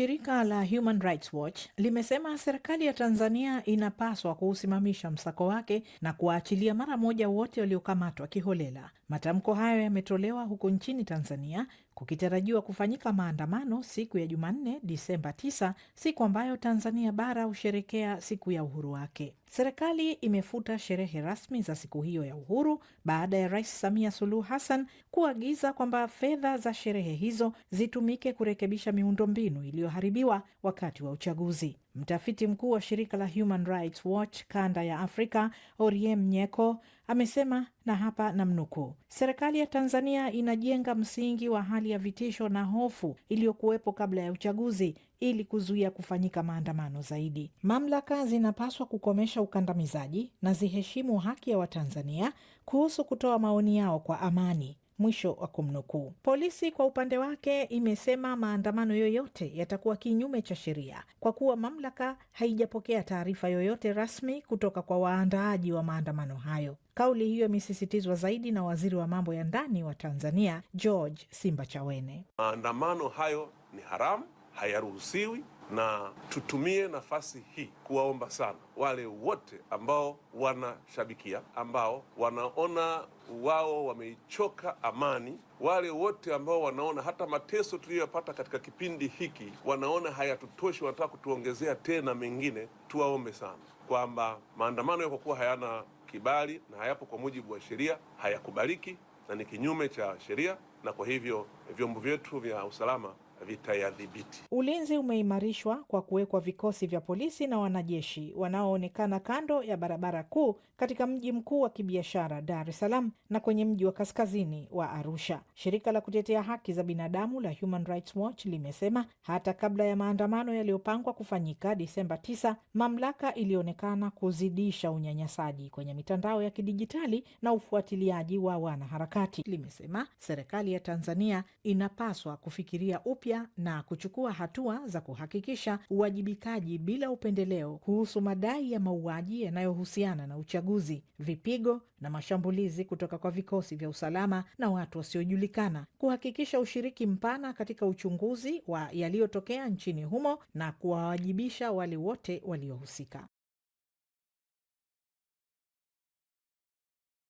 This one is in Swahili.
Shirika la Human Rights Watch limesema serikali ya Tanzania inapaswa kuusimamisha msako wake na kuwaachilia mara moja wote waliokamatwa kiholela. Matamko hayo yametolewa huko nchini Tanzania kukitarajiwa kufanyika maandamano siku ya Jumanne, Disemba 9, siku ambayo Tanzania bara husherekea siku ya uhuru wake. Serikali imefuta sherehe rasmi za siku hiyo ya uhuru baada ya Rais Samia Suluhu Hassan kuagiza kwamba fedha za sherehe hizo zitumike kurekebisha miundombinu iliyoharibiwa wakati wa uchaguzi. Mtafiti mkuu wa shirika la Human Rights Watch kanda ya Afrika, Oriem Nyeko, amesema na hapa na mnukuu serikali ya Tanzania inajenga msingi wa hali ya vitisho na hofu iliyokuwepo kabla ya uchaguzi ili kuzuia kufanyika maandamano zaidi. Mamlaka zinapaswa kukomesha ukandamizaji na ziheshimu haki ya Watanzania kuhusu kutoa maoni yao kwa amani. Mwisho wa kumnukuu. Polisi kwa upande wake imesema maandamano yoyote yatakuwa kinyume cha sheria kwa kuwa mamlaka haijapokea taarifa yoyote rasmi kutoka kwa waandaaji wa maandamano hayo. Kauli hiyo imesisitizwa zaidi na waziri wa mambo ya ndani wa Tanzania George simba chawene Maandamano hayo ni haramu, hayaruhusiwi na tutumie nafasi hii kuwaomba sana wale wote ambao wanashabikia, ambao wanaona wao wameichoka amani, wale wote ambao wanaona hata mateso tuliyoyapata katika kipindi hiki wanaona hayatutoshi, wanataka kutuongezea tena mengine, tuwaombe sana kwamba maandamano yakokuwa hayana kibali na hayapo kwa mujibu wa sheria, hayakubaliki na ni kinyume cha sheria, na kwa hivyo vyombo vyetu vya usalama vitayadhibiti. Ulinzi umeimarishwa kwa kuwekwa vikosi vya polisi na wanajeshi wanaoonekana kando ya barabara kuu katika mji mkuu wa kibiashara Dar es Salaam na kwenye mji wa kaskazini wa Arusha. Shirika la kutetea haki za binadamu la Human Rights Watch limesema hata kabla ya maandamano yaliyopangwa kufanyika Disemba 9, mamlaka ilionekana kuzidisha unyanyasaji kwenye mitandao ya kidijitali na ufuatiliaji wa wanaharakati. Limesema serikali ya Tanzania inapaswa kufikiria upya upya na kuchukua hatua za kuhakikisha uwajibikaji bila upendeleo kuhusu madai ya mauaji yanayohusiana na uchaguzi, vipigo na mashambulizi kutoka kwa vikosi vya usalama na watu wasiojulikana, kuhakikisha ushiriki mpana katika uchunguzi wa yaliyotokea nchini humo na kuwawajibisha wale wote waliohusika.